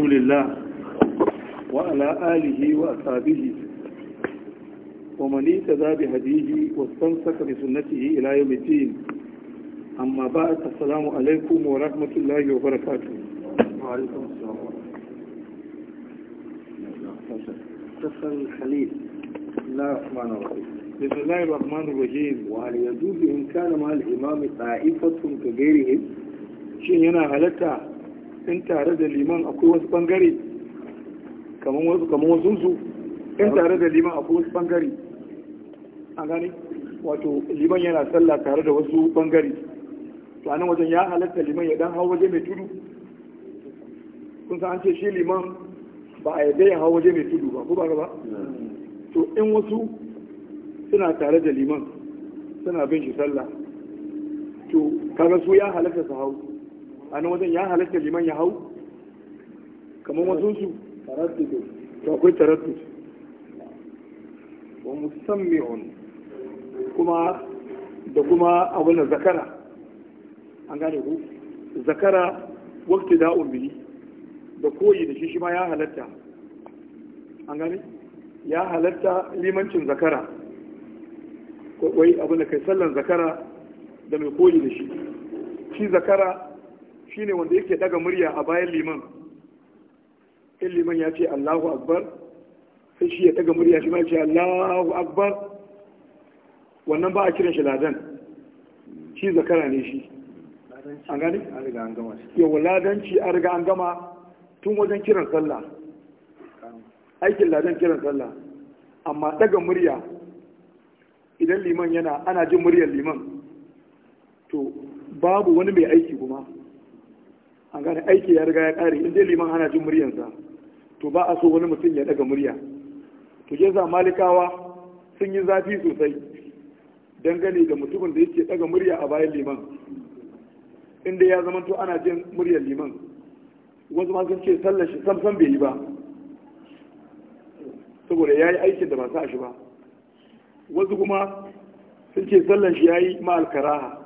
رسول الله وعلى آله وأصحابه ومن اهتدى بهديه واستمسك بسنته إلى يوم الدين أما بعد السلام عليكم ورحمة الله وبركاته وعليكم السلام تسأل الخليل بسم الله الرحمن الرحيم بسم الله الرحمن الرحيم وهل يجوز إن كان مع الإمام طائفة كغيرهم شيء هنا هلكة in tare da liman akwai wasu bangare kamar wasu kamar wasu su in tare da liman akwai wasu bangare a gani wato liman yana sallah tare da wasu bangare to anan wajen ya halatta liman ya dan hau waje mai tudu kun san an ce shi liman ba a yadda ya hau waje mai tudu ba ko ba ba to in wasu suna tare da liman suna bin shi sallah to kaga su ya halatta su hau a nan wajen ya halatta liman ya hau kamar wasu su to akwai taraddud wa musammi'un kuma da kuma abin zakara an gane ku zakara wakti da bihi da koyi da shi shi ma ya halatta an gane ya halatta limancin zakara wai abin da kai sallan zakara da mai koyi da shi shi zakara shine wanda yake daga murya a bayan liman in liman ya ce Allahu akbar sai shi ya daga murya shi ma ya ce Allahu akbar wannan ba a kiran shi ladan shi zakara ne shi an gani? yawa ladanci an riga an gama tun wajen kiran sallah aikin ladan kiran sallah amma daga murya idan liman yana ana jin muryar liman to babu wani mai aiki kuma an gane aiki ya riga ya kare in dai liman ana jin muryansa to ba a so wani mutum ya daga murya to ke za malikawa sun yi zafi sosai dangane da mutumin da yake daga murya a bayan liman inda ya zama to ana jin muryar liman wasu ma sun ce sallar shi samsam bai yi ba saboda ya yi aikin da ba sa shi ba wasu kuma sun ce sallar shi ya yi ma'alkaraha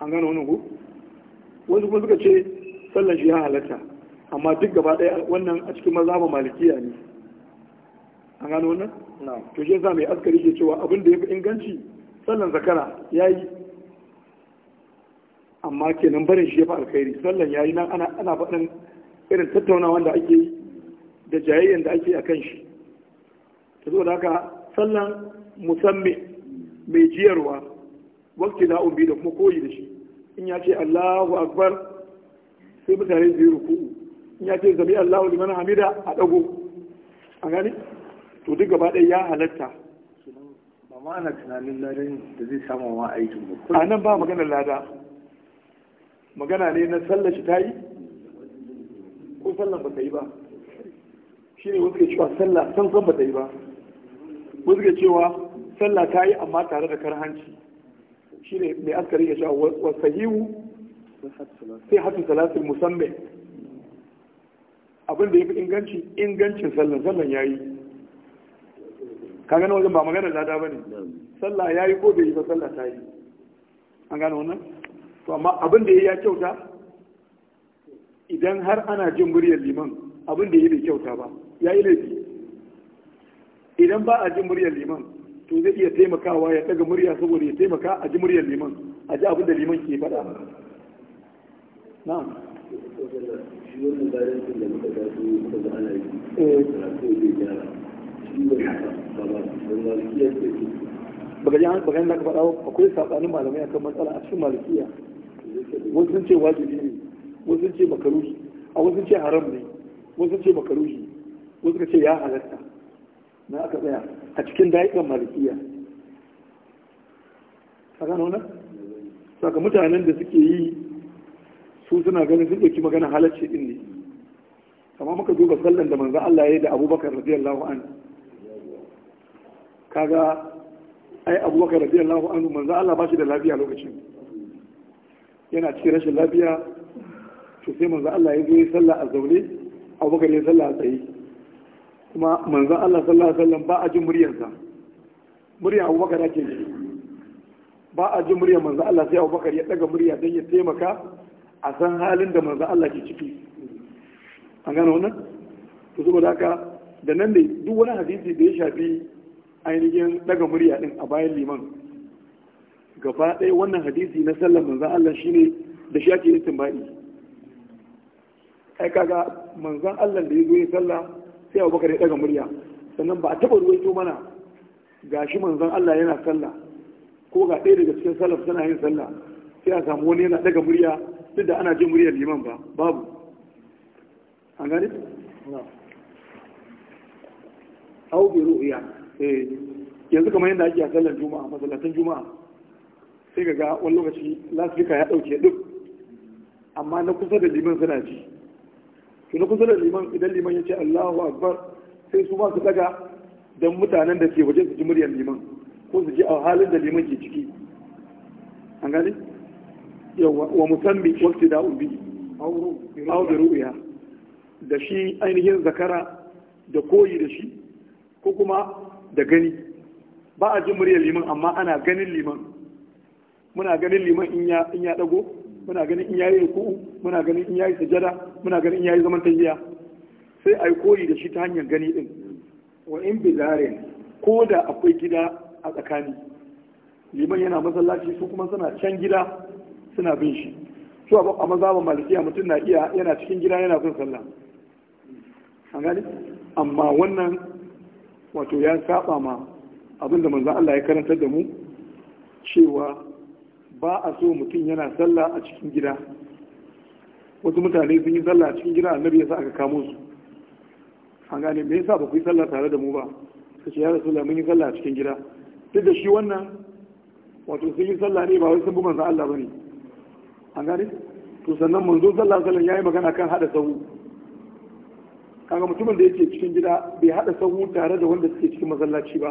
an gane wani ku wasu kuma suka ce sallan shi ya halatta amma duk gaba ɗaya wannan a cikin mazhabin malikiya ne an gano wannan to shi yasa mai askari ke cewa abin da ya fi inganci sallan zakara ya yi amma kenan barin shi ya fi alkhairi sallan ya yi nan ana faɗin irin tattaunawa da ake yi da jayayyen da ake a kan shi ta zo da haka sallan musamman mai jiyarwa wakti na umbi da kuma koyi da shi in ya ce Allahu akbar sai mutane zai ruku. in ya ce zabi Allahu liman hamida a dago a gani to duk gaba ɗaya ya halatta ba ma ana tunanin ladan da zai samu ma aikin ba a nan ba maganar lada magana ne na sallar shi ta yi ko sallar ba ta yi ba shi ne wasu ke cewa sallah san san ba ta yi ba wasu ke cewa sallah ta yi amma tare da karhanci shi ne mai askari ya sha wasa yiwu sai hatu salatul musamman abin da ya fi inganci ingancin sallan sallan ya yi ka gane wajen ba maganar lada ba ne sallah ya yi ko bai yi ba sallah ta yi an gano wannan to amma abin da ya ya kyauta idan har ana jin muryar liman abin da ya yi bai kyauta ba ya yi laifi idan ba a jin muryar liman to zai iya taimakawa ya daga murya saboda ya taimaka a ji muryar liman a ji abin da liman ke faɗa na'am baka ji baka ka laka faɗawa akwai saɓanin malamai akan matsala a cikin malikiya wasu sun ce wajibi ne wasu sun ce makaruhi a wasu sun ce haram ne wasu sun ce makaruhi wasu ka ce ya halatta na aka tsaya a cikin da'ikan malikiya a gano nan saka mutanen da suke yi su suna ganin sun ɗauki magana halarci ɗin ne amma muka duba sallan da manzo Allah ya yi da abubakar radiyallahu an kaga ai abubakar radiyallahu anhu manzo Allah ba shi da lafiya lokacin yana cikin rashin lafiya to sai manzo Allah ya zo ya sallah a zaune abubakar ya sallah a tsaye kuma manzan Allah sallallahu alaihi wasallam ba a ji muryarsa murya Abubakar ake ji ba a ji muryar manzan Allah sai Abubakar ya daga murya don ya taimaka a san halin da manzan Allah ke ciki an gano wannan to saboda haka da nan ne duk wani hadisi da ya shafi ainihin daga murya din a bayan liman gaba ɗaya wannan hadisi na sallar manzan Allah shine da shi ake yin tumbaɗi ai kaga manzan Allah da ya zo ya sallah sai abubakar ya daga murya sannan ba a taɓa ruwaito mana ga shi manzan Allah yana sallah ko ga ɗaya daga cikin salaf tana yin sallah sai a samu wani yana daga murya duk da ana jin murya liman ba babu an gani? au bi ru'ya eh yanzu kamar yadda ake a sallar juma'a masallatan juma'a sai ga wani lokaci lasifika ya ɗauke duk amma na kusa da liman suna ji kuma kusa da liman idan liman ya ce Allahu akbar sai su ma su daga dan mutanen da ke waje su ji muryar liman ko su ji a halin da liman ke ciki an gane wa musammi wakti da ubi bi? da ru'ya da shi ainihin zakara da koyi da shi ko kuma da gani ba a jin muryar liman amma ana ganin liman muna ganin liman in ya dago muna ganin in yayi ruku'u muna ganin in yayi sajada muna ganin in yayi zaman tahiyya sai ai koyi da shi ta hanyar gani din wa in zare ko da akwai gida a tsakani liman yana masallaci su kuma suna can gida suna bin shi su a mazhaban malikiya mutum na iya yana cikin gida yana bin sallah an gani amma wannan wato ya saba ma abinda manzo Allah ya karantar da mu cewa ba a so mutum yana sallah a cikin gida wasu mutane sun yi sallah a cikin gida annabi ya sa aka kamo su an gane me yasa ba ku yi sallah tare da mu ba ka ce ya rasulullah mun yi sallah a cikin gida duk da shi wannan wato sun yi sallah ne ba wai sun bi manzo Allah bane an gane to sannan manzo sallah ya yayi magana kan hada sahu kaga mutumin da yake cikin gida bai hada sahu tare da wanda suke cikin masallaci ba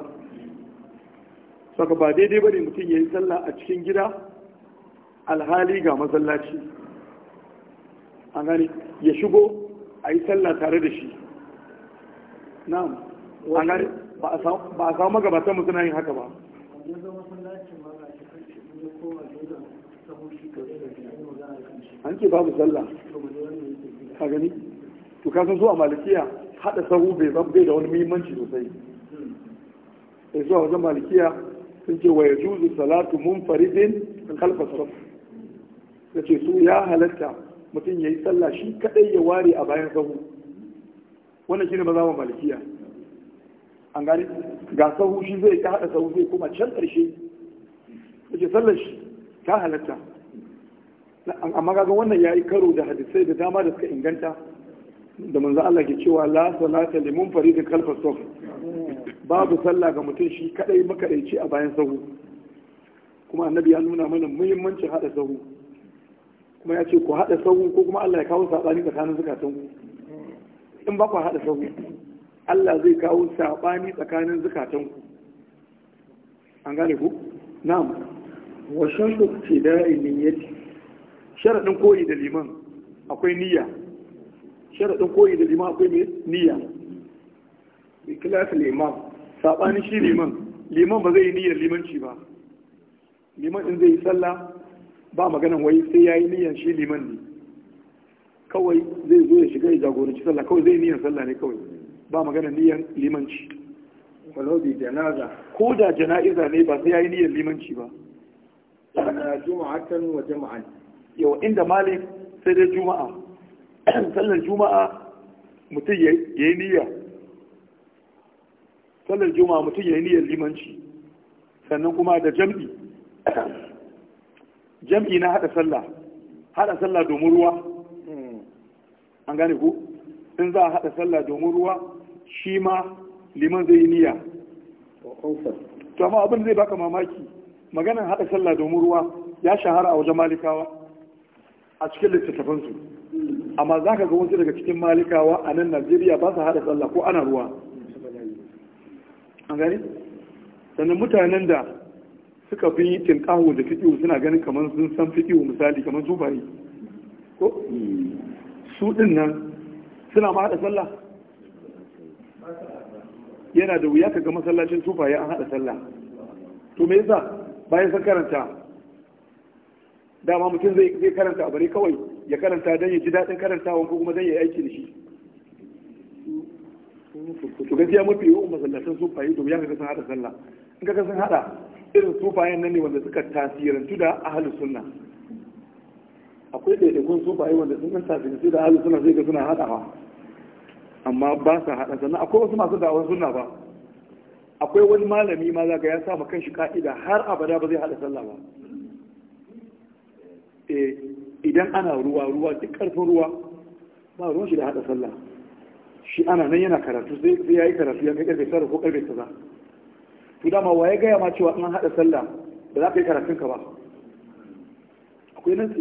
saka ba daidai bane mutum ya yi sallah a cikin gida alhali ga masallaci an gani ya shigo a yi sallah tare da shi na'am an gani ba a samu magabatan mu suna yin haka ba an ce babu sallah a gani to kasan zuwa malikiya hada sahu bai bai da wani muhimmanci sosai hmm. sai zuwa wajen malikiya sun ce wa juzu salatu faridin kalfa sarf ta ce su ya halatta mutum ya yi sallah shi kadai ya ware a bayan sahu wannan shi ne maza wa malikiya an gani ga sahu shi zai ta hada sahu zai kuma can karshe ta ce sallar shi ta halatta amma kaga wannan ya yi karo da hadisai da dama da suka inganta da manzo Allah ke cewa la salata li munfarid khalfa saf babu sallah ga mutum shi kadai makadaici a bayan sahu kuma annabi ya nuna mana muhimmancin hada sahu kuma ya ce ku haɗa sauhu ko kuma Allah ya kawo saɓani tsakanin zukatanku in ba ku haɗa sauhu Allah zai kawo saɓani tsakanin zukatanku an gane ku na'am wa shartu ibtida'i niyyati sharadin koyi da liman akwai niyya sharadin koyi da liman akwai niyya bi kilafil imam saɓani shi liman liman ba zai yi niyyar limanci ba liman in zai yi sallah ba maganan wai sai ya yi niyan shi liman ne kawai zai zo ya shiga ya jagoranci sallah kawai zai niyan sallah ne kawai ba maganan niyan limanci walau bi janaza ko da jana'iza ne ba sai ya yi niyan limanci ba ana juma'atan wa jama'an yau inda malik sai dai juma'a sallar juma'a mutum ya yi niyya sallar juma'a mutum ya yi niyyar limanci sannan kuma da jam'i jam'i na hada sallah hada sallah domin ruwa an gane ku in za a hada sallah domin ruwa shi ma liman zai yi niyya to amma abin zai baka mamaki maganar hada sallah domin ruwa ya shahara a wajen malikawa a cikin su amma za ka ga wasu daga cikin malikawa a nan najeriya ba su hada sallah ko ana ruwa an gani sannan mutanen da suka fi tinkahu da fiƙiwu suna ganin kamar sun san fiƙiwu misali kamar yi. ko su ɗin nan suna ma haɗa sallah yana da wuya kaga masallacin sufaye an haɗa sallah to me yasa bayan san karanta dama mutum zai zai karanta bare kawai ya karanta don ya ji daɗin karantawan ko kuma don ya yi aiki da shi to gaskiya mafi yawan masallacin sufaye da wuya kaga sun haɗa sallah in kaga sun haɗa irin sufayen nan ne wanda suka tasirantu da ahalu sunna akwai ɗaiɗaikun sufaye wanda sun kan tasirantu da ahalu sunna sai ga suna haɗawa amma ba sa haɗa sannan akwai wasu masu da'awar sunna ba akwai wani malami ma za ka ya sa kan shi ka'ida har abada ba zai haɗa sallah ba eh, idan ana ruwa ruwa duk ƙarfin ruwa ba ruwan shi da haɗa sallah shi ana nan yana karatu sai ya yi karatu ya kai ƙarfe sarrafa ko ƙarfe kaza to dama wa ya gaya ma cewa an haɗa sallah da za ka yi karatun ka ba akwai nan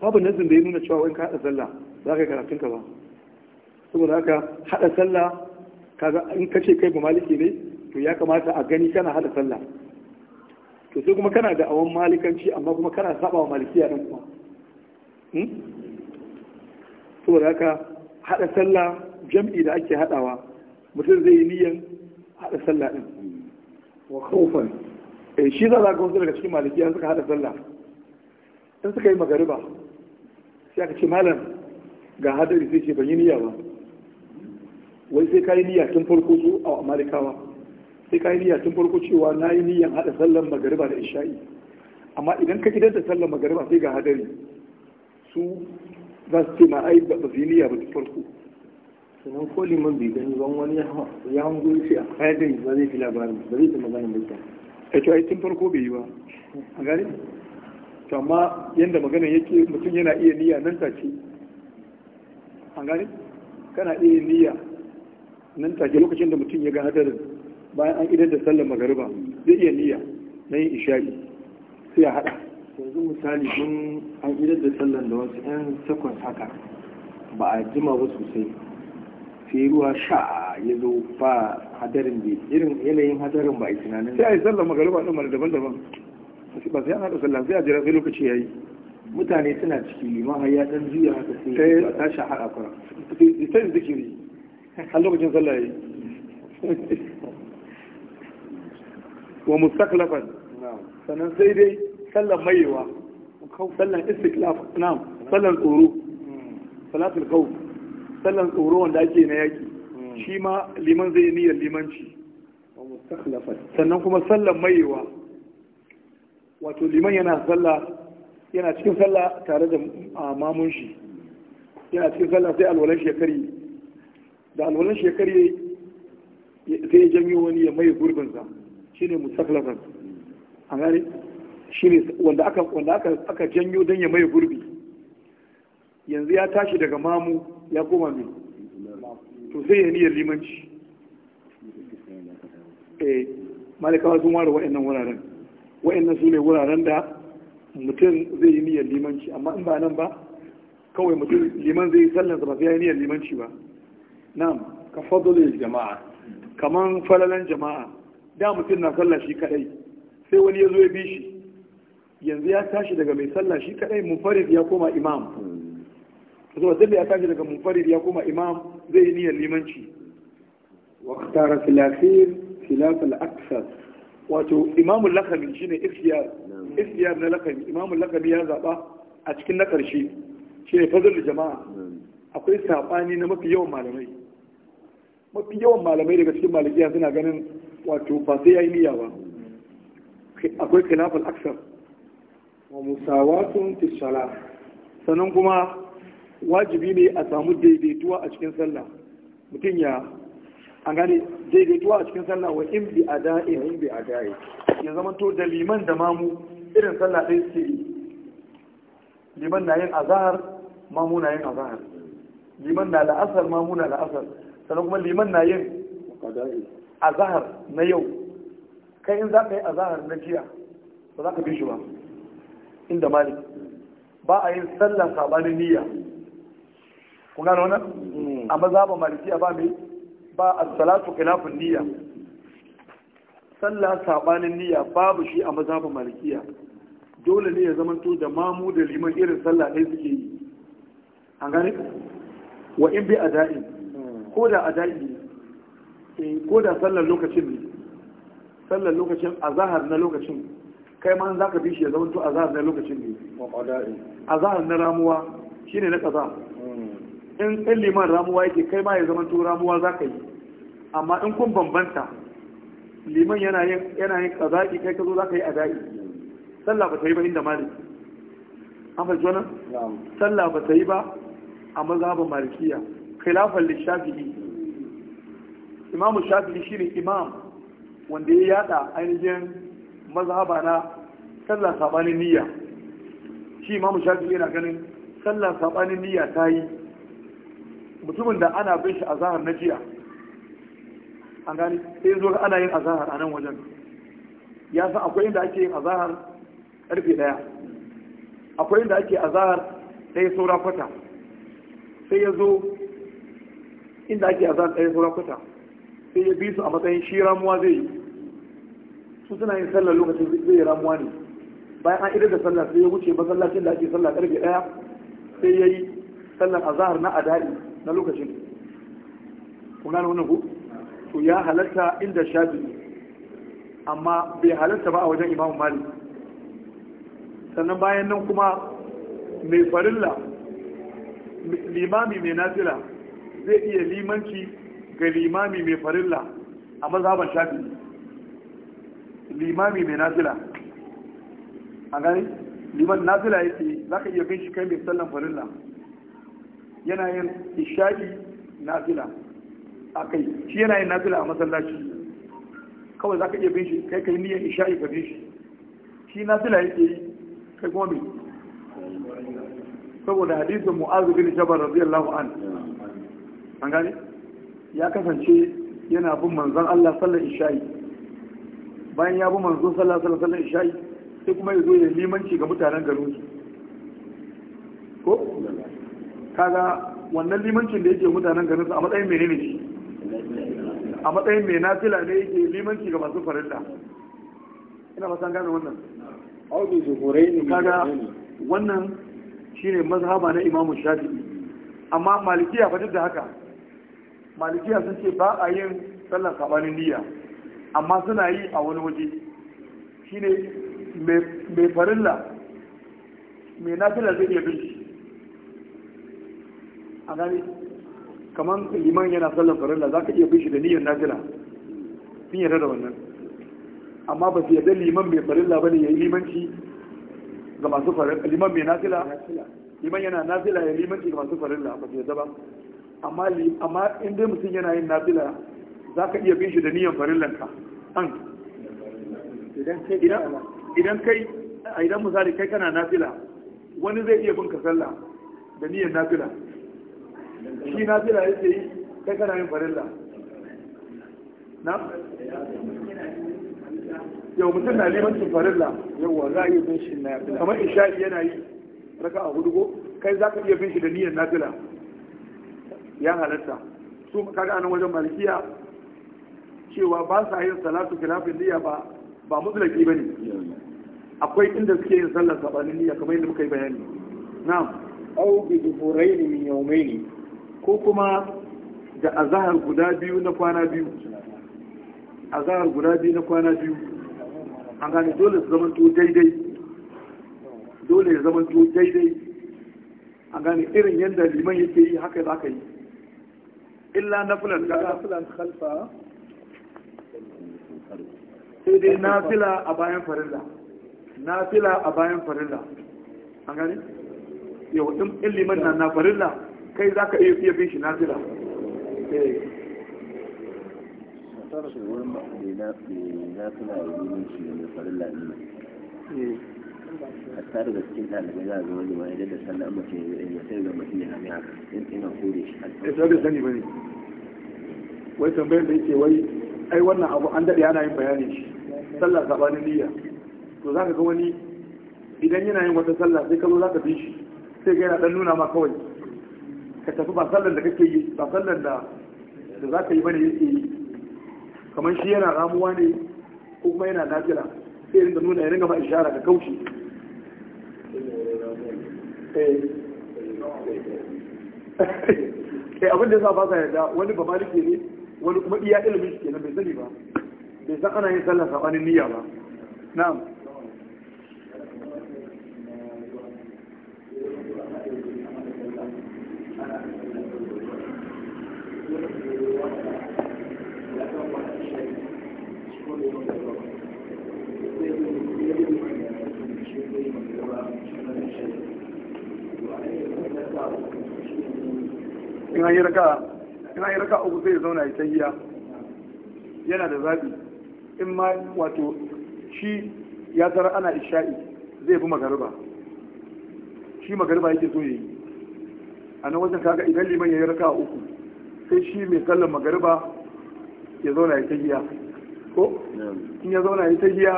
babu nazin da ya nuna cewa wani ka haɗa sallah za ka yi karatun ka ba saboda haka haɗa sallah kaga in ka ce kai ba maliki ne to ya kamata a gani kana haɗa sallah to sai kuma kana da awon malikanci amma kuma kana saba wa malikiya nan kuma hmm? saboda haka haɗa sallah jam'i da ake haɗawa mutum zai yi niyan haɗa sallah ɗin wa kofan eh, shi za a ga wasu daga cikin an suka haɗa sallah in suka yi magariba sai aka ce malam ga hadari sai ce ban yi niyya ba wai sai ka yi niyya tun farko su a malikawa sai ka yi niyya tun farko cewa na yi niyyan haɗa sallan magariba da isha'i amma idan ka gidan da sallan magariba sai ga hadari su za su ce ma ai ba su yi niyya ba tun farko sannan ko liman bai gani ban wani ya hango shi a kayan da ba zai fi labarin ba zai fi maganin bai ta to ai tun farko bai yi ba a gani to amma yadda magana yake mutum yana iya niyya nan take a gani kana iya niyya nan take lokacin da mutum ya ga hadarin bayan an idan da sallar magariba zai iya niyya na yin isha'i sai a haɗa yanzu misali mun an idan da sallar da wasu 'yan sakon haka ba a jima ba sosai sai ruwa sha ya zo ba hadarin da irin yanayin hadarin ba a tunanin sai a yi sallar magariba ɗin mara daban-daban ba sai an haɗa sallah sai a jira sai lokaci ya yi mutane suna ciki liman har ya ɗan juya haka sai a tashi haɗa fara sai zikiri a lokacin sallah ya yi wa mustaklafan sannan sai dai sallar mayewa sallar istiklaf na. sallar tsoro hmm. salatul kawu. sallan tsoro wanda ake na yaki hmm. shi ma liman zai niyyar limanci sannan kuma sallan mayewa wato liman yana sallah yana cikin sallah tare da mamun shi yana cikin sallah sai alwalan shekari da alwalan shekari sai ya janyo wani ya maye gurbinsa shine mustaklafan a gane shi ne wanda aka janyo don ya maye gurbi yanzu ya tashi daga mamu ya koma mai to sai ya niyyar limanci eh malikawa sun ware wa'annan wuraren wa'annan su ne wuraren da mutum zai yi niyyar limanci amma in ba nan ba kawai mutum liman zai yi sallansa ba sai ya yi niyyar limanci ba na'am ka fadlul jama'a kaman falalan jama'a da mutum na sallah shi kadai sai wani ya zo ya bi shi yanzu ya tashi daga mai sallah shi kadai munfarid ya koma imam zuwa zai ya tashi daga munfarid ya koma imam zai yi niyyar limanci waktara filafir filafil aksar wato imamun lakami shine ikhtiyar ikhtiyar na lakami imamun lakami ya zaba a cikin na karshe shine fazil jama'a akwai sabani na mafi yawan malamai mafi yawan malamai daga cikin malikiya suna ganin wato ba sai yayi niyya ba akwai khilafal aksar wa musawatun fi salat sannan kuma wajibi ne a samu daidaituwa a cikin sallah mutum ya an gane daidaituwa a cikin sallah wa in bi ada'i in bi ada'i ya zama to da liman da mamu irin sallah ɗaya suke yi liman na yin azahar mamu na yin azahar liman na la'asar mamu na la'asar sannan kuma liman na yin azahar na yau kai in za ka yi azahar na jiya ba za ka bi shi ba inda malik ba a yin sallah sabanin niyya kun gano wannan mm. a ba malikiya ba mai ba a salatu khilafun niyya sallah sabanin niyya babu shi a mazhaban malikiya dole ne ya zamanto da mamu da liman irin sallah ɗaya suke yi an gane wa in bi ada'i mm. ko da ada'i eh, ko da sallar lokacin ne sallar lokacin azahar na lokacin kai ma za ka bi shi ya zamanto azahar na lokacin ne azahar na ramuwa shine na kaza in ɗan liman ramuwa yake kai ma ya zama to ramuwa za ka yi amma in kun bambanta liman yana yin yana kai ka zo za ka yi ada'i sallah ba ta yi ba inda maliki an fahimci wannan sallah ba ta yi ba a mazhabin malikiya khilafan lishafi'i imamu shafi'i shine imam wanda ya yada ainihin mazhaba na sallah sabanin niyya shi imamu shafi'i yana ganin sallah sabanin niyya ta yi mutumin da ana bin shi zahar na jiya an gani sai zo ana yin azahar a nan wajen ya san akwai inda ake yin azahar karfe daya akwai inda ake azahar ɗaya saura kwata sai ya zo inda ake azahar ɗaya saura kwata sai ya bi su a matsayin shi ramuwa zai yi su suna yin sallar lokacin zai yi ramuwa ne bayan an idar da sallar sai ya wuce masallacin da ake sallar karfe daya sai ya yi sallar azahar na adali na lokacin kuna da wani ku to ya halatta inda shafi'i amma bai halatta ba a wajen imamu malik sannan bayan nan kuma mai farilla limami mai nafila zai iya limanci ga limami mai farilla a mazaban shafi'i limami mai nafila a gani liman ya yake za ka iya bin shi kai mai sallan farilla Yanayin yin na fila a kai shi yanayin na fila a masallaci kawai za ka iya bin shi kai kai niyan isha'i ka bin shi shi na fila yake yi kai kuma me saboda hadisin mu'azu bin shabar radiyallahu an an gani ya kasance yana bin manzon Allah sallar isha'i bayan ya bi manzon sallar sallar isha'i sai kuma ya zo ya limanci ga mutanen garin su ko kaga wannan limancin da yake mutanen ganin su a matsayin menene ne a matsayin mai nafila ne yake limanci ga masu farilla ina ba san gane wannan audu zuhurai kaga wannan shine mazhaba na imamu shafi'i amma malikiya fa da haka malikiya sun ce ba a yin sallar sabanin niyya amma suna yi a wani waje shine mai farilla mai nafila zai iya bin shi a gane kamar liman yana sallar farilla za ka iya bin shi da niyyar nafila sun yarda da wannan amma ba su yarda liman mai farilla ba ne ya yi limanci ga masu farilla liman mai nafila liman yana nafila ya limanci ga masu farilla ba su yarda ba amma amma in dai mutum yana yin nafila za ka iya bin shi da niyan farillanka an idan kai a idan misali kai kana nafila wani zai iya bin ka sallah da niyan nafila shi na fila yake yi kai kana yin farilla na yau mutum na limancin farilla yawwa za a yi bin shi na fila kamar isha'i yana yi raka a hudu ko kai za ka iya bin shi da niyyar na ya halatta su kaga anan wajen malikiya cewa ba sa yin salatu kilafin niyya ba ba mutlaki ne. akwai inda suke yin sallar sabanin niyya kamar yadda muka yi bayani na'am au bi ne min ne ko kuma da azahar guda biyu na kwana biyu azahar guda biyu na kwana biyu an gane dole su to daidai dole ya to daidai an gane irin yadda liman yake yi haka za ka yi illa na fulan khalfa sai dai na fila a bayan farilla na fila a bayan farilla an gane yau in liman na na farilla kai za ka iya fiye shi na zira hatta eh. daga eh, cikin ɗalibai za a zama da ma'aidar da sallah amma ce ya sai ga mutum ya hami haka in ina kore shi ya sai sani bane wai tambayar da yake wai ai wannan abu an daɗe ana yin bayanin shi sallah sabanin niyya to za ka ga wani idan yana yin wata sallah sai ka zo za ka bi shi sai ga yana ɗan nuna ma kawai ka tafi ba sallan da kake yi ba sallan da da za ka yi bane yake yi kamar shi yana ramuwa ne ko kuma yana nafila sai da nuna ya gama ishara da kaushi eh, eh abin da yasa ba sa yarda wani ba malike ne wani kuma iya ilimin shi kenan bai sani ba bai san ana yin sallar sabanin niyya ba na'am in an yi raka uku zai zauna ya tahiya yana da zaɓi in ma wato shi ya zara ana isha'i zai fi magariba shi magariba yake so ya yi a nan wajen kaga idan liman ya yi raka uku sai shi mai sallar magariba ya zauna ya ta giya ko in ya zauna ya ta giya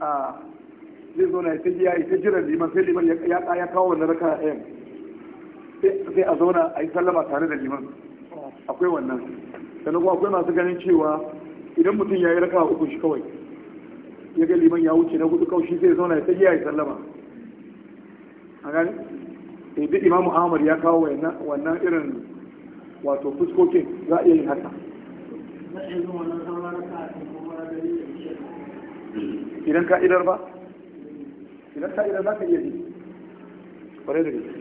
a zai zauna ya ta giya ya ta jiran liman sai liman ya kaya kawo wannan raka yan sai a zauna a yi sallama tare da liman akwai wannan sannan kuma akwai masu ganin cewa idan mutum ya yi raka uku shi kawai ya ga liman ya wuce na hudu kawai sai zai zauna ya ta giya ya sallama a gani eh, duk imamu ahmad ya kawo wannan irin wato fuskokin za a iya yin haka idan ka idar ba idan ka idar za ka iya yi kwarai da gaske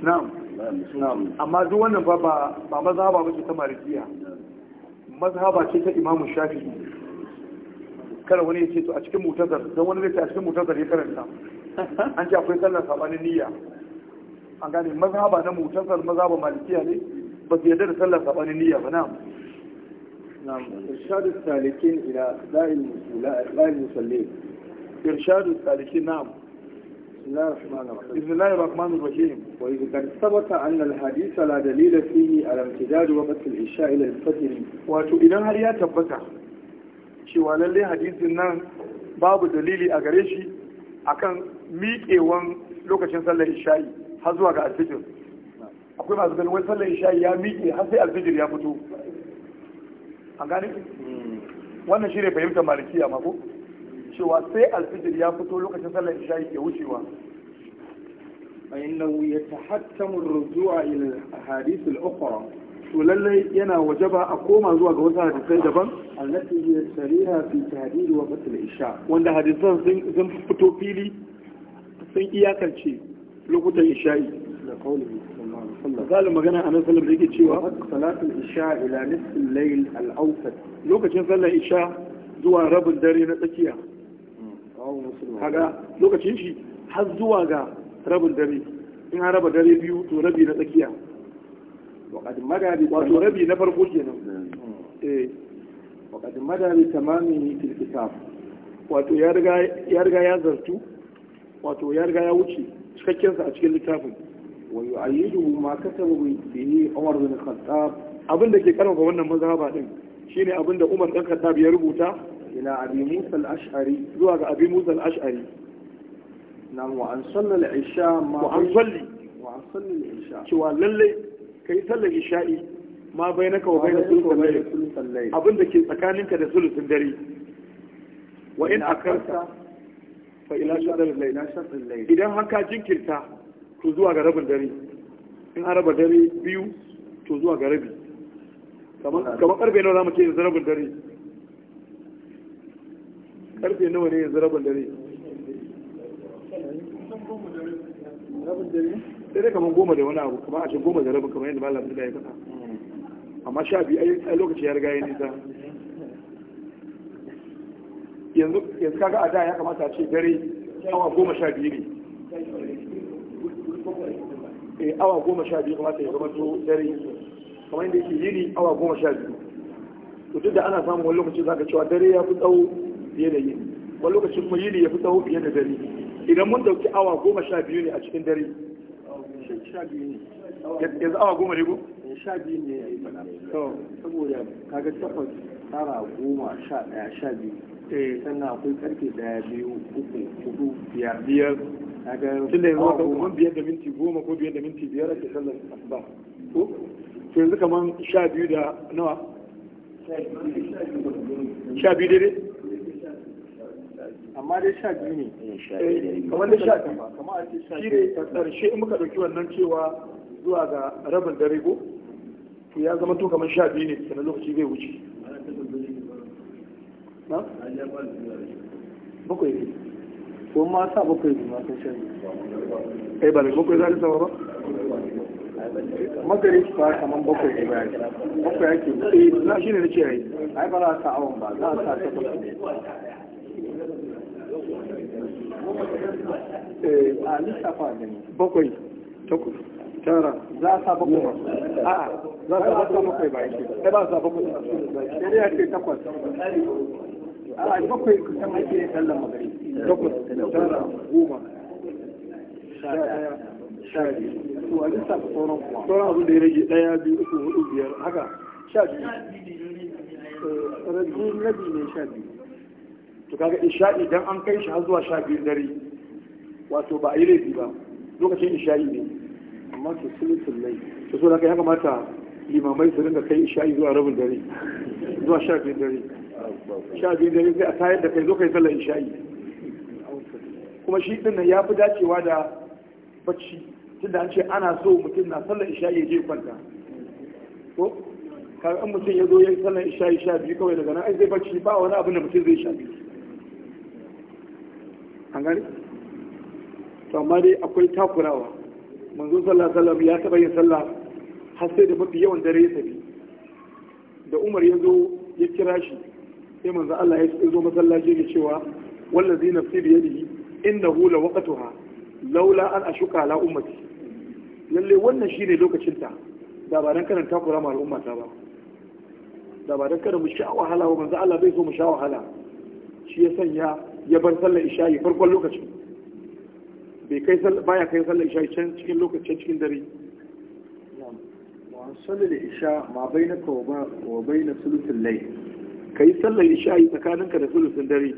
na'am amma duk wannan ba ba mazhaba ba ce ta malikiya mazhaba ce ta imamu shafi kada wani ya ce to a cikin mutazar don wani zai ce a cikin mutazar ya karanta an ce akwai sallar sabanin niyya an gane mazhaba na mutazar mazhaba malikiya ne ba su yarda da sallar sabanin niyya ba na'am irshadu salikin ila musula irshadu salikin na'am بسم الله الرحمن الرحيم وإذ قد ثبت أن الحديث لا دليل فيه على امتداد وقت العشاء إلى الفجر واتو idan har ya tabbata, cewa lallai hadisin nan babu dalili a gare shi akan miƙewan lokacin sallar isha'i har zuwa ga alfijir akwai masu ganin wani sallar isha ya miƙe har sai alfijir ya fito an gane wannan shi ne fahimtar malikiya mako cewa sai alfijir ya fito lokacin sallar isha ke wucewa فإنه يتحتم lallai yana الأحاديث ba ولله ينا وجبها أقوم أزوى جوزها حديثين دبا التي هي سريها في تهديد وقت الإشاء وأن حديثان زن فتو فيلي سن إياكا شيء لقطة إشائي لقوله misalin magana a nan sallar da yake cewa salatul isha ila nisfin layl al-awsat lokacin sallar isha zuwa rabin dare na tsakiya kaga lokacin shi har zuwa ga rabin dare in har raba dare biyu to rabi na tsakiya wato rabi na farko kenan hmm. eh وقد مدى بتمامه في wato ya riga ya zartu wato ya riga ya wuce cikakken sa a cikin littafin ma ما كتب به عمر بن الخطاب abin da ke karfafa wannan mazhaba din shine abin da Umar dan Khattab ya rubuta ila Abi Musa al-Ash'ari zuwa ga Abi Musa al-Ash'ari nam wa an sallal isha ma wa an salli wa an salli isha cewa lalle kai sallar isha'i ma bainaka wa baina sulhul layl abin da ke tsakaninka da sulhul dare wa in akarta fa ila shadal layl idan haka jinkirta to zuwa ga rabin dare in an raba dare biyu to zuwa ga rabi kamar karfe nawa zamu ce yanzu rabin dare karfe nawa ne yanzu rabin dare sai dai kamar goma da wani abu kamar ce goma da rabin kamar yadda malam da ya faɗa amma sha biyu a lokaci ya riga ya nisa yanzu kaga a da ya kamata a ce dare awa goma sha biyu ne Eh, awa goma sha biyu kamata ya zama dare kamar yadda yake yini awa goma sha biyu to duk da ana samun wani lokaci zaka cewa dare ya fi tsawo fiye da yini wani lokaci kuma yini ya fi tsawo fiye da dare idan mun dauki awa goma sha biyu ne a cikin dare yanzu awa goma ne ko sha biyu ne ya yi saboda kaga takwas tara goma sha ɗaya sha biyu Eh, sannan akwai karfe daya biyu uku hudu biyar biyar tun da yanzu kamar biyar da minti goma ko biyar da minti biyar ake sallar asuba ko to yanzu kaman sha biyu da nawa sha biyu dai amma dai sha biyu ne eh, eh, kamar dai sha biyu kamar a ce sha biyu ƙarshe in muka ɗauki wannan cewa zuwa ga rabin dare ko to ya zama to kamar sha biyu ne sannan lokaci zai wuce na bakwai ne ko ma sa bakwai ne ma sun shan ai eh, ba da bakwai za ta sama ba magare ba kaman bakwai ne ba bakwai ake eh na shi ne nake yi ai ba za sa awon ba za a sa ta eh, a lissafa ne bakwai takwas tara za a sa bakwai ba a'a za a sa bakwai ba yake ai ba sa bakwai ya ce takwas a bakwai kusan ake sallar magari takwas tara goma sha biyu to a lissafa sauran kuma sauran abin da ya rage daya biyu uku hudu biyar haka sha biyu eh, rajin rabi ne sha biyu to kaga isha'i idan an kai shi har zuwa sha biyu dare wato ba a yi laifi ba lokacin isha'i ne amma to sulutun lai to so da kai ya kamata limamai su rinka kai isha'i zuwa rabin dare zuwa sha biyu dare sha biyu dare zai a tayar da kai zo kai sallar isha'i kuma shi din ya fi dacewa da bacci tunda an ce ana so mutum na sallar isha'i ya je kwanta ko kaga an mutum ya zo ya yi sallar isha'i sha biyu kawai daga nan ai zai bacci ba wani abin da mutum zai sha biyu an gani to amma dai akwai takurawa manzo sallallahu alaihi wasallam ya taba yin sallah har sai da mafi yawan dare ya tafi da Umar ya zo ya kira shi sai manzo Allah ya zo masallaci da cewa wallazi nafsi bi yadihi innahu la waqtuha laula an ashuka ala ummati lalle wannan shine lokacin ta da ba dan karanta kura ma al'umma ta ba da ba dan kada mu sha wahala ba manzo Allah bai so mu sha wahala shi ya sanya ya bar sallar isha'i farkon lokacin bai kai baya kai sallar isha'i can cikin lokacin cikin dare wa sallar isha ma bainaka wa baina sulutul layl ka yi sallar isha'i tsakaninka da sulusun dare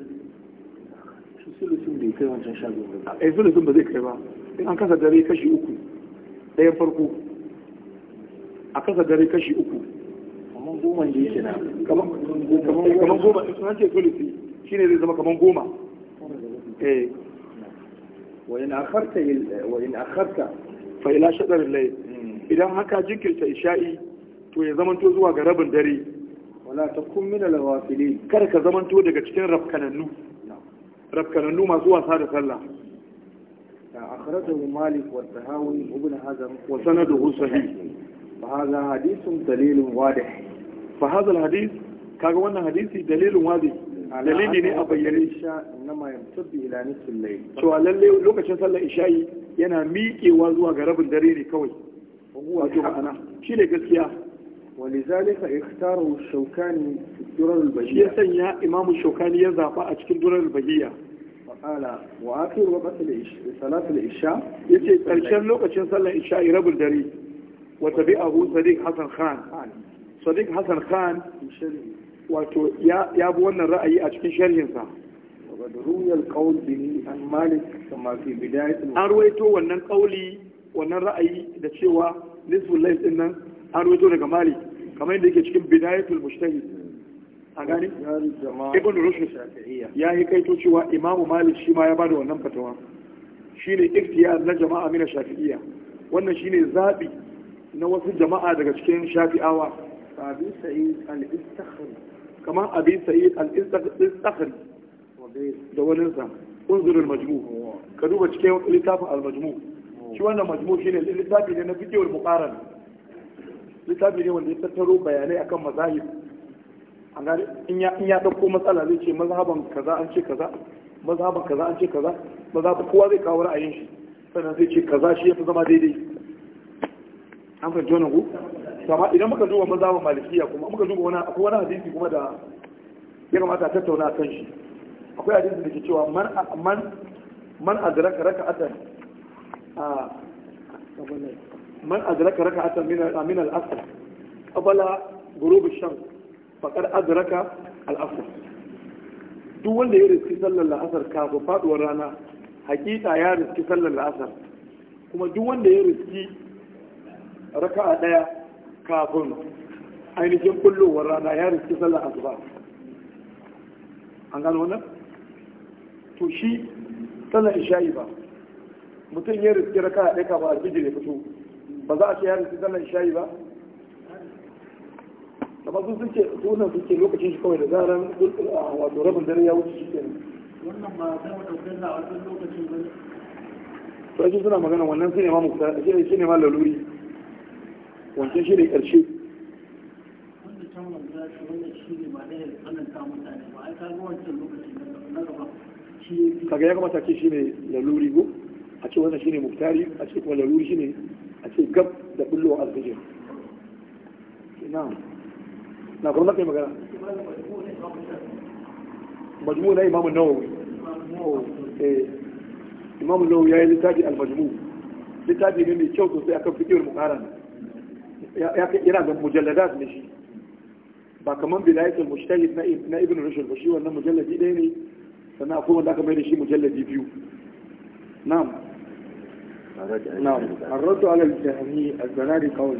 sulusun bai kai wancan shago ba eh sulusun ba zai kai ba in an kasa dare kashi uku ɗayan farko a kasa dare kashi uku kamar goma ne yake na kamar goma in sun ce sulusi shine zai zama kamar goma eh wa in akharta wa in akharta fa ila shadar al hmm. idan haka jinkirta isha'i to ya zamanto zuwa ga rabin dare wala ta min al kar ka zamanto daga cikin rafkanannu rafkanannu masu wasa da sallah akhrajahu malik wa tahawi ibn hazm wa sanaduhu sahih fa hadha hadithun dalilun wadih fa hadha al-hadith kaga wannan hadisi dalilun wadih dalili ne a bayyane sha nama yamtabi ila nisfil layl to lalle lokacin sallar isha'i yana miƙewa zuwa ga rabin dare ne kawai wato ma'ana shi ne gaskiya ولذلك اختاره الشوكاني في الدرر البهية يسنى إمام الشوكاني يزعب أشكي الدرر البهية فقال وآخر وقت لصلاة الإشاء يجي ترشان لك أشان صلى العشاء رب الدري وتبعه صديق حسن خان صديق حسن خان يا wato ya bi wannan ra'ayi a cikin sharhinsa an ruwaito wannan kauli wannan ra'ayi da cewa nisbul laif din nan an ruwaito daga malik kamar yadda yake cikin bidayatul mushtahid a gani ibn rushd ya yi kaito cewa imamu malik shi ma ya bada wannan fatawa shine ikhtiyar na jama'a mina shafi'iyya wannan shine zabi na wasu jama'a daga cikin shafi'awa abi sa'id al-istakhri kamar abi sa'id al-istakhri da wani sa unzurul majmu ka duba cikin littafin al-majmu shi wannan majmu shine littafi ne na fiqhul muqaran littafi ne wanda ya tattaro bayanai akan mazahib an gane in ya dauko matsala zai ce mazhaban kaza an ce kaza mazhaban kaza an ce kaza mazhaban kowa zai kawo ra'ayin shi sannan zai ce kaza shi ya fi zama daidai an ka jona ku amma idan muka duba mazhaban malikiya kuma muka duba wani akwai wani hadisi kuma da ya kamata a tattauna a kan shi akwai hadisi da ke cewa man man man adraka raka'atan a man adraka raka'atan min al-asr qabla ghurub ash-shams faqad adraka al-asr duk wanda ya riski sallar la'asar kafin faduwar rana hakika ya riski sallar la'asar kuma duk wanda ya riski raka'a daya kafin ainihin kullowar rana ya riski sallar asuba an gano wannan to shi tana isha'i mutum ya riske raka a ɗaya kafin alfijir ya fito ba za a ce ya rasu sallar shayi ba amma sun suke sunan suke lokacin shi kawai da zarar wato rabin dare ya wuce shi wannan ba za mu ɗaukar da wajen lokacin ba ne sarki suna magana wannan su ne ma mukta shi ne ma laluri wancan shi ne ƙarshe kaga ya kamata ce shi ne laluri go a ce wannan shi ne muktari a ce kuma laluri shi ne a ce gab da bullo alfijir na na kuma kai magana majmu na imamu nawawi eh. imamu nawawi ya yi littafi al-majmu littafi ne mai kyau sosai akan ya mukaran yana da mujalladat ne shi ba kamar bilayatul mujtahid na ibn rushd ba shi wannan mujalladi ɗaya ne sannan akwai wanda aka mai da shi mujalladi biyu na'am na'am ar-raddu ala al-jahmi az-zanadiqa wal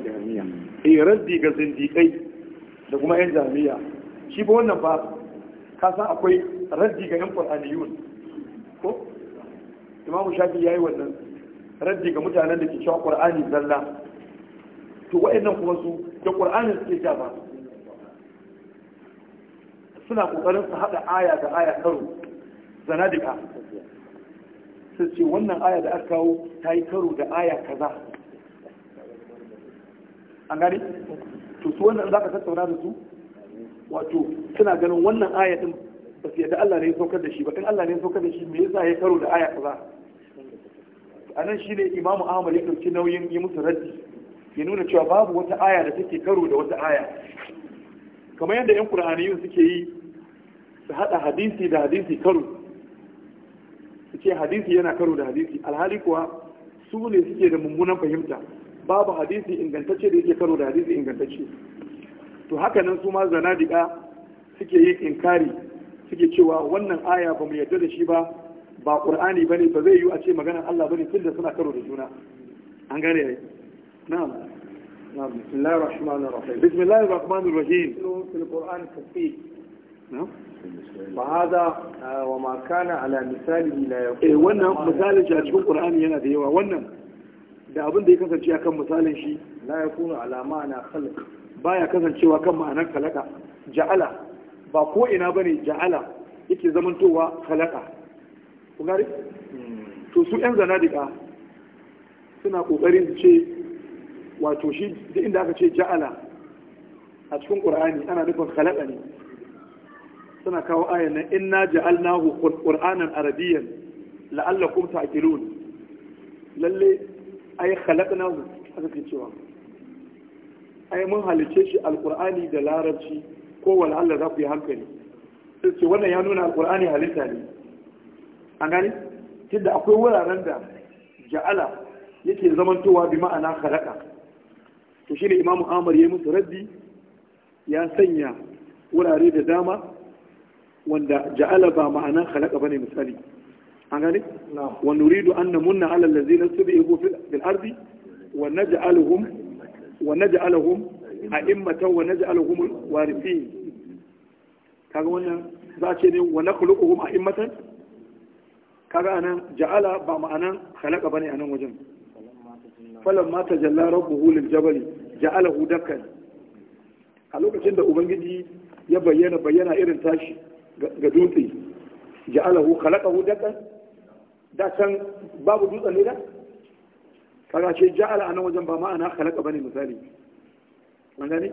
da kuma yan jahmiya shi ba wannan ba ka san akwai raddi ga yan qur'aniyun ko imamu shafi yayi wannan raddi ga mutanen da ke cewa qur'ani zalla to wa'annan kuma su da qur'anin suke ja suna kokarin su hada aya da aya karo zanadika sai ce wannan aya da aka kawo ta yi karo da aya kaza an gani to su wannan za ka tattauna da su wato suna ganin wannan aya din ba su yadda Allah ne ya saukar da shi ba kan Allah ne ya saukar da shi me yasa ya karo da aya kaza a nan shine imamu Ahmad ya ɗauki nauyin yi musu raddi ya nuna cewa babu wata aya da take karo da wata aya kamar yadda yan Qur'aniyun suke yi su haɗa hadisi da hadisi karo suke hadisi yana karo da hadisi alhali kuwa su ne suke da mummunan fahimta babu hadisi ingantacce da yake karo da hadisi ingantacce to haka nan su ma zanadiqa suke yin inkari suke cewa wannan aya ba mu yarda da shi ba ba qur'ani bane ba zai yi a ce maganar Allah bane da suna karo da juna an gane yayi na'am na'am bismillahir rahmanir rahim bismillahir rahmanir rahim fil qur'an kafi فهذا وما كان على مثاله لا يكون eh wannan misalin shi a cikin Qur'ani yana da yawa wannan da abin da ya kasance akan misalin shi la yakunu ala ma'ana khalq baya kasancewa kan ma'anar khalaqa ja'ala ba ko ina bane ja'ala yake zamantowa khalaqa ku gari to su yan zanadika suna kokarin su ce wato shi duk inda aka ce ja'ala a cikin Qur'ani ana nufin khalaqa ne suna kawo ayan nan inna ja'alnahu qur'anan arabiyyan la'allakum ta'qilun lalle ay khalaqnahu aka ce cewa ai mun halice shi alqur'ani da larabci ko wal Allah za ku yi hankali sai ce wannan ya nuna alqur'ani halitta ne an gani tunda akwai wuraren da ja'ala yake zamantowa bi ma'ana khalaqa to shine imamu ya yi musu raddi ya sanya wurare da dama wanda ja'ala ba ma'anan khalaqa bane misali an gane wa nuridu an namunna ala allazina subiqu fil ardi wa naj'aluhum wa naj'aluhum a'immatan wa naj'aluhum warithin kaga wannan za ce ne wa nakhluquhum a'immatan kaga anan ja'ala ba ma'anan khalaqa bane anan wajen falamma tajalla rabbuhu lil jabali ja'alahu dakkan a lokacin da ubangiji ya bayyana bayyana irin tashi ga dutse ja'alahu khalaqahu dakan da can babu dutsen ne da kaga ce ja'ala anan wajen ba ma'ana khalaqa bane misali mun gane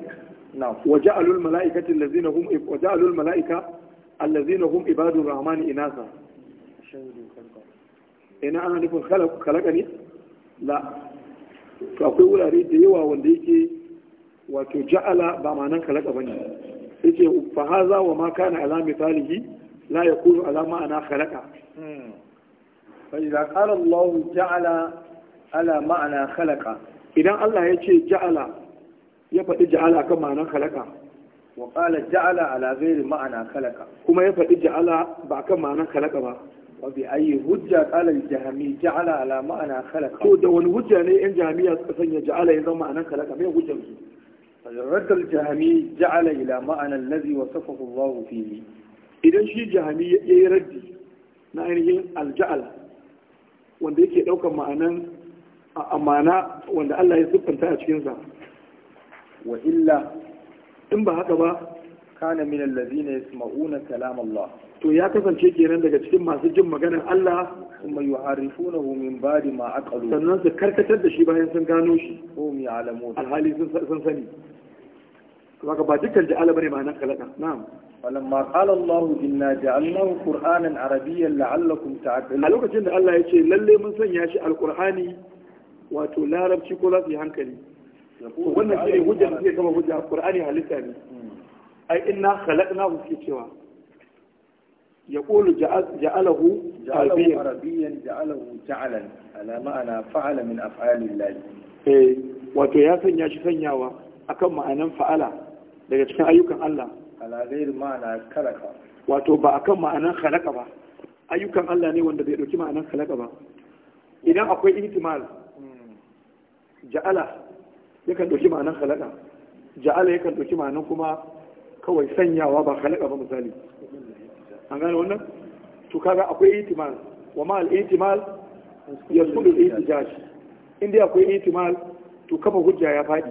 na wa ja'alul malaikati allazina hum wa ja'alul malaika allazina hum ibadu rahmani inasa ina ana nufin khalaqa ne la to akwai wurare da yawa wanda yake wato ja'ala ba ma'anan khalaqa bane yace fa haza wa ma kana ala misalihi la yakunu ala ana khalaqa hmm. fa idza qala Allah ja'ala ala ana khalaqa idan Allah ya ce ja'ala ya faɗi ja'ala kan ma'anar khalaqa wa qala ja'ala ala ghairi ma'ana khalaqa kuma ya faɗi ja'ala ba kan ma'anar khalaqa ba wa bi ayi hujja qala al-jahmi ja'ala ala ana khalaqa to da wani hujja ne yan jahmiya suka sanya ja'ala ya zama ma'anar khalaqa me hujjar su رد الجهمي جعل إلى معنى الذي وصفه الله فيه إذا شيء جهمي يرد نعين الجعل wanda yake ɗaukar ma'anan amana wanda Allah ya siffanta a cikinsa wa in ba haka ba kana min allazina ma'una kalam Allah to ya kasance kenan daga cikin masu jin maganar Allah ثم يعرفونه من بعد ما عقلوا sannan su karkatar da shi bayan sun gano shi ko mi alamu alhali sun sani kaga ba dukkan ja'ala bane ma nan kalaka na'am فلما قال الله إنا جعلناه قرآنا عربيا لعلكم تعقلون a lokacin da Allah ya ce lalle mun sanya shi alqur'ani wato larabci ko lafi hankali wannan shine hujja da zai kama hujja alqur'ani halitta ne hmm. ai inna suke cewa يقول جعله جعله عربيا جعله جعلا على معنى فعل من أفعال الله إيه wato ya sanya shi sanyawa akan ma'anan fa'ala daga cikin ayyukan Allah ala ghairi ma'ana khalaqa wato ba akan ma'anan khalaqa ba ayyukan Allah ne wanda bai dauki ma'anan khalaqa ba idan akwai ihtimal ja'ala yakan dauki ma'anan khalaqa ja'ala yakan dauki ma'anan kuma kawai sanyawa ba khalaqa ba misali an gane wannan to kaga akwai ihtimal wa ma al ihtimal yasulu al ihtijaj inda akwai ihtimal to kafa hujja ya fadi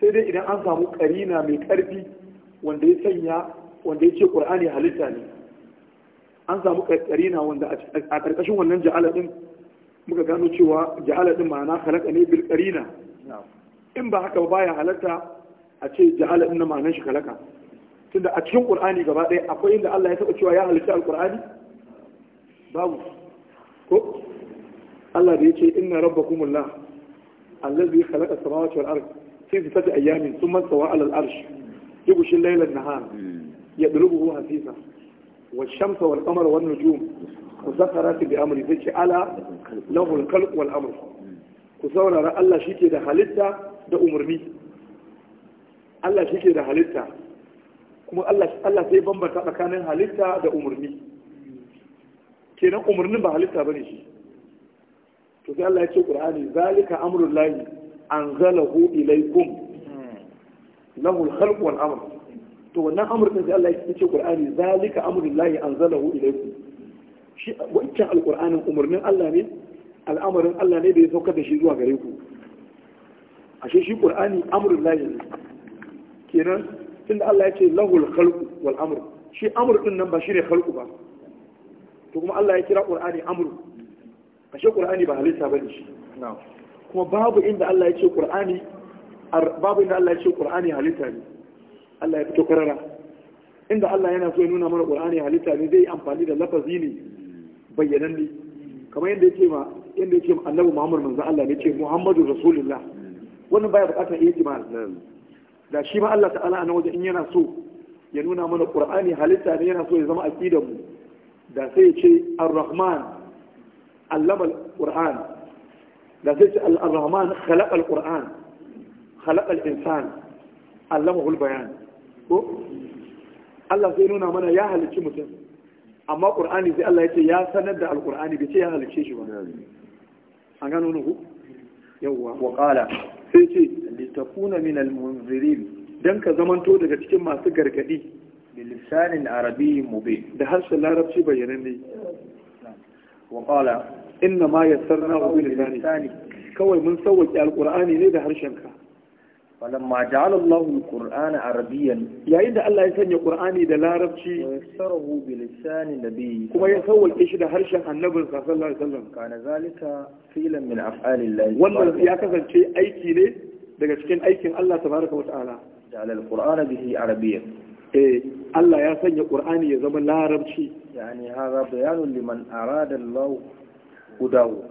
sai dai idan an samu karina mai karfi wanda ya sanya wanda ya ce qur'ani halitta ne an samu karina wanda a karkashin wannan ja'ala din muka gano cewa ja'ala din ma'ana khalaqa ne bil karina in ba haka ba ya halatta a ce ja'ala din ma'anar shi khalaqa tunda a cikin qur'ani gaba ɗaya akwai inda Allah ya taɓa cewa ya halitta alqur'ani babu ko Allah da ya yace inna rabbakumullah allazi khalaqa as-samawati wal ard fi tafi ayamin sun stawa 'ala al-arsh yughshi al-layla ya nahar yadlubuhu Hafisa. wash-shamsa wal-qamara wan-nujum musakharati bi amri zai ala lahu al-khalq wal-amr ku saurara Allah shike da halitta da umarni Allah shike da halitta kuma Allah sai bambanta tsakanin halitta da umarni kenan umarnin ba halitta bane shi to sai Allah ya ce Qur'ani zalika amrul lahi anzalahu ilaykum lahu al-khalq wal amr to wannan amr din sai Allah ya ce Qur'ani zalika amrul lahi anzalahu ilaykum shi wancan al-Qur'ani umarnin Allah ne al'amarin Allah ne da ya saukar da shi zuwa gare ku ashe shi Qur'ani amrul lahi kenan Inda Allah ya ce lahul khalqu wal amr shi amr din nan ba shine khalqu ba to kuma Allah ya kira Qur'ani amr kashe Qur'ani ba halitta bane shi kuma babu inda Allah ya ce Qur'ani babu inda Allah ya ce Qur'ani halitta ne Allah ya fito karara inda Allah yana so ya nuna mana Qur'ani halitta ne zai amfani da lafazi ne bayyananne kamar yadda yake ma yadda yake Annabi Muhammad manzo Allah ne ce Muhammadu Rasulullah wannan baya bukatar ijmal da shi ma Allah ta'ala a nan wajen in yana so ya nuna mana Al-ƙur'ani halitta ne yana so ya zama aqidar mu da sai ya ce ar-rahman allama al-qur'an da sai ya ce ar-rahman khalaqa al-qur'an khalaqa al-insan allamahu bayan ko Allah sai nuna mana ya halicci mutum amma Al-ƙur'ani sai Allah ya ce ya sanar da al ƙurani bai ce ya halicce shi ba an gano ne ku yawwa wa qala sai ce litakuna min almunzirin dan ka zamanto daga cikin masu gargadi Da arabi mubin da harshen larabci bayyananne wa qala inna ma yassarnahu kawai mun sauwaki alqur'ani ne da harshen ka falamma ja'ala Allahu al yayin da Allah ya sanya Qur'ani da larabci sarahu bi lisani nabi kuma ya sauke shi da harshen annabin sallallahu alaihi wasallam kana zalika filan min af'alillahi wannan ya kasance aiki ne daga cikin aikin Allah tabaraka wa ta'ala ja'ala al-Qur'ana bihi arabiyyan eh Allah ya sanya Qur'ani ya zama larabci yani hadha bayanun liman arada Allah hudahu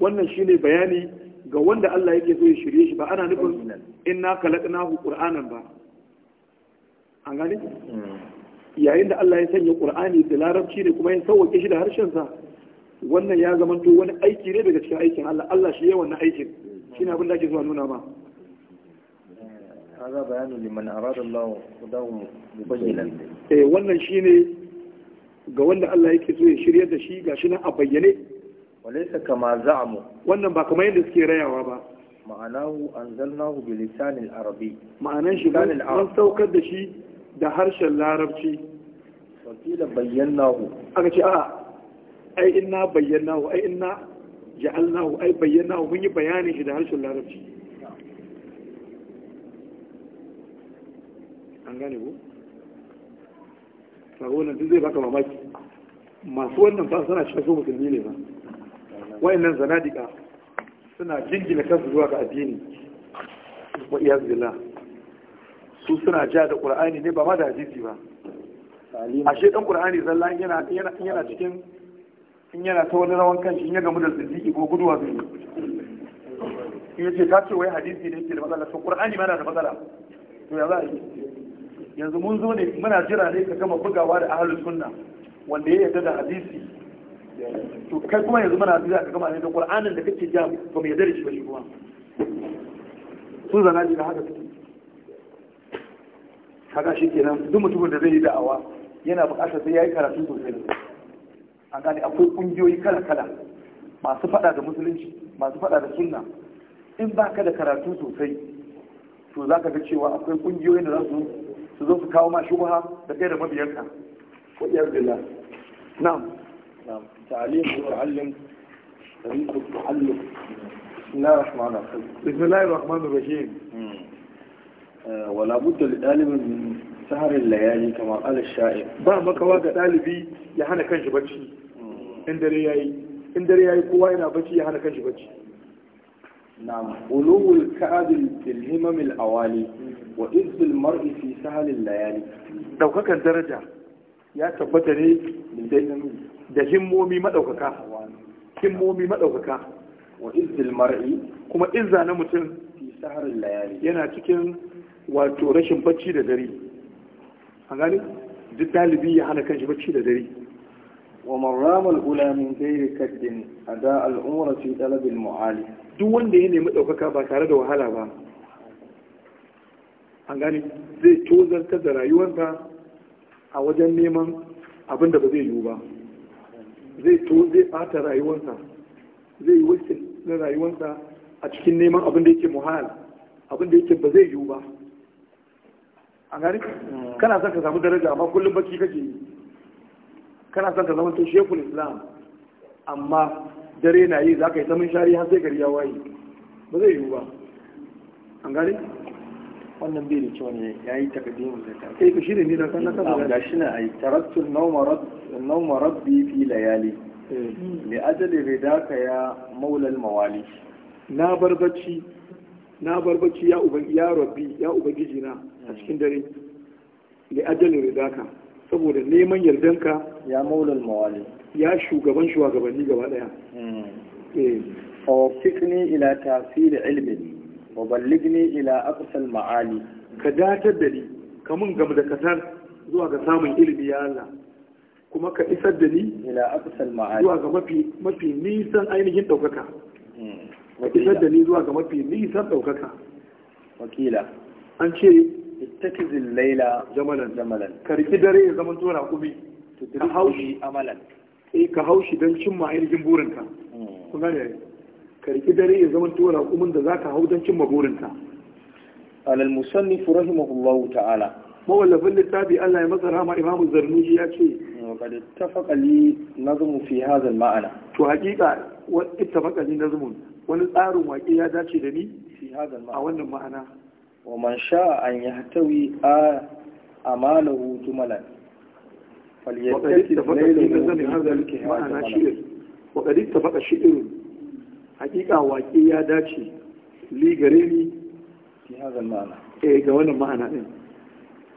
wannan shine bayani ga wanda Allah yake so ya shirye shi ba ana nufin inna khalaqnahu qur'anan ba an gane hmm. yayin da Allah ya sanya qur'ani da larabci ne kuma ya sauke shi da harshen sa wannan ya zamanto wani aiki ne daga cikin aikin Allah Allah shi ya wannan aikin shine abin da ake zuwa nuna ma هذا eh, bayanu liman arada Allah هداه مبينا eh wannan shine ga wanda Allah yake so ya shirye da shi gashi nan a bayyane walaysa kama za'amu wannan ba kamar yadda suke rayawa ba ma'anahu anzalnahu bi lisanil arabi ma'anan shi an saukar da shi da harshen larabci wakila bayyanahu aka ce a ai inna bayyanahu ai inna ja'alnahu ai bayyanahu mun yi bayanin shi da harshen larabci an gane ku sabo nan duk zai baka mamaki masu wannan fasara shi so musulmi ne ba wayannan zanadika suna jingina kansu zuwa ga addini wa iyazilla su suna ja da qur'ani ne ba ma da hadisi ba ashe dan qur'ani zalla yana yana cikin in yana ta wani rawan kanshi in ya gamu da zindiki ko guduwa zai in yace ka ce wai hadisi ne ke da matsala to qur'ani ma na da matsala to ya za a yi yanzu mun zo ne muna jira ne ka gama bugawa da ahlus sunna wanda ya yarda da hadisi to kai kuma yanzu mana zuwa ka gama ne da qur'anin da kake ja ba mu yarda da shi ba kuma sun zana da haka su. kaga shi kenan duk mutumin da zai yi da'awa yana buƙatar sai ya yi karatu sosai an gane akwai ƙungiyoyi kala-kala masu faɗa da musulunci masu faɗa da sunna in ba ka da karatu sosai to za ka ga cewa akwai ƙungiyoyin da za su su zo su kawo ma shubha da kai da mabiyanka ko iyar na'am نعم تعليم وتعلم طريق التعلم بسم الله الرحمن الرحيم بسم الله الرحمن الرحيم ولا بد للطالب من سهر الليالي كما قال الشاعر ba makawa ga ɗalibi ya hana kanshi bacci in dare yayi in dare yayi kowa yana bacci ya hana kanshi bacci نعم غلو الكعب في الهمم الأوالي وإذ المرء في سهل الليالي لو كان درجة يا تبتني من دين da himmomi madaukaka himmomi madaukaka wa izzil mar'i kuma izza na mutum fi saharin layali yana cikin wato rashin bacci da dare an gani duk dalibi ya hana kanshi bacci da dare wa marramal ula min ghairi kaddin ada umra fi talab al mu'ali duk wanda ya nemi daukaka ba tare da wahala ba an gani zai tozartar da rayuwarsa a wajen neman abin da ba zai yiwu ba zai to zai rayuwarsa zai yi wasu na rayuwarsa a cikin neman abin da yake muhal abin da yake ba zai yiwu ba a gani kana son ka samu daraja amma kullum baki kake yi kana son ka zama to shekul islam amma dare na yi za ka yi samun shari har sai gari ya waye ba zai yiwu ba an gani wannan bai da kyau ne ya yi takadimu da ta kai ka shirya ne da kan nasa ga shi na ai tarattu nauma rabbi fi layali eh. li ajali ridaka ya maulal mawali na barbaci na barbaci ya uban ya rabbi ya ubangiji na a cikin dare li ajali ridaka saboda neman yardanka ya maulal mawali ya shugaban shugabanni gaba daya hmm. eh fa fiqni ila tafsir ilmi wa balligni ila aqsal ma'ali ka datar da ni ka mun gamu da kasar zuwa ga samun ilimi ya Allah kuma ka isar da ni ila aqsal ma'ali zuwa ga mafi mafi nisan ainihin daukaka wa hmm. isar da ni zuwa ga mafi nisan daukaka wakila an ce ittakizil laila jamalan jamalan karki dare ya zama tona kubi ka haushi amalan eh ka haushi don cimma ainihin burinka hmm. kun gane ka riƙi dare ya zama to raƙumin da za ka hau don cimma burinka alal musannif rahimahullahu ta'ala mawallafin littafi Allah ya masa rama imamu zarnuji ya ce qad ittafaqa li nazmu fi hadha al-ma'ana to hakika wa ittafaqa li nazmu wani tsarin waƙe ya dace da ni fi hadha maana a wannan ma'ana wa man sha'a an yahtawi a amalahu tumalan falyattakhidh laylahu min hadha al-ma'ana shi'r wa qad ittafaqa shi'r hakika wake ya dace li gare ni fi hazan ma'ana eh ga wannan ma'ana din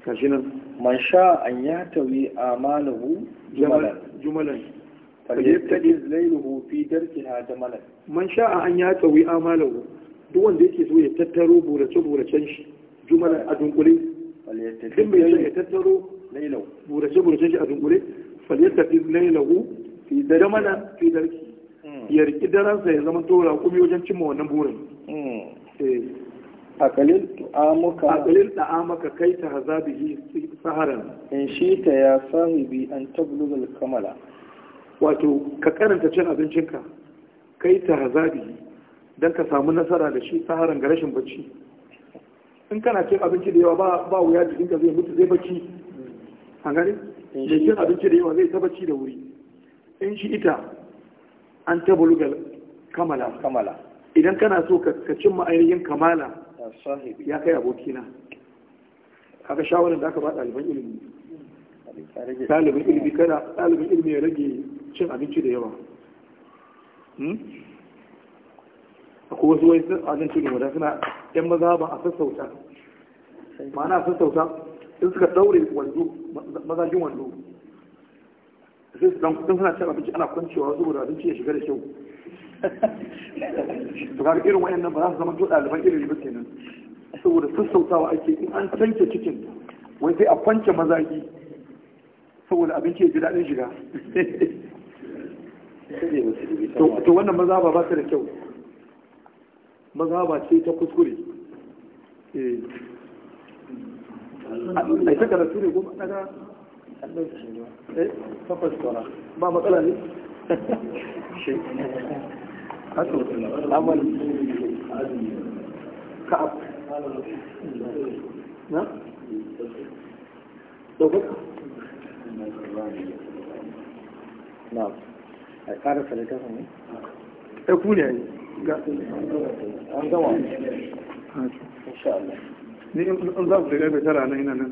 kashi nan man sha an ya tawi amalahu jumalan jumalan falyabtadi lailuhu fi darkiha jamalan man sha an ya tawi amalahu duk wanda yake so ya tattaro burace buracen shi jumalan a dunkule falyabtadi lailuhu ya tattaro lailahu burace buracen shi a dunkule falyabtadi lailuhu fi darkiha jamalan fi ya riƙi daransa ya zama to raƙumi wajen cimma wannan burin eh. a kalil ta'amuka a kalil ta'amuka kai ta hazabihi saharan in shi ta ya sahibi an tablugal kamala wato ka karanta cin abincinka kai ta hazabihi don ka samu nasara da shi saharan ga rashin bacci in kana cin abinci da yawa ba wuya jikinka zai mutu zai bacci an gani mai cin abinci da yawa zai ta bacci da wuri in shi ita an taba buluga kamala kamala idan kana so ka cimma ainihin kamala ya kai abokina kaga shawarar da aka ba ɗaliban ilimi ɗalibin ilimi kada ɗalibin ilimi ya rage cin abinci da yawa hmm? akwai wasu wani sun anan cikin wadda suna yan maza ba a sassauta ma'ana sassauta in suka ɗaure wando mazajin wando sai su dan suna cin abinci ana kwancewa saboda abinci ya shiga da kyau to kaga irin wayannan ba za su zama to ɗaliban ilimi ba kenan saboda sassautawa ake in an tanke cikin wai sai a kwance mazaki saboda abinci ya ji daɗin shiga to wannan maza ba ba su da kyau maza ba ce ta kuskure a eh. ɗaita karatu ne kuma ɗaga ba matsala ne shi ka'ab na? na a ƙara salatafa ne? ya ku ne ga an insha Allah ni in za ku na ina nan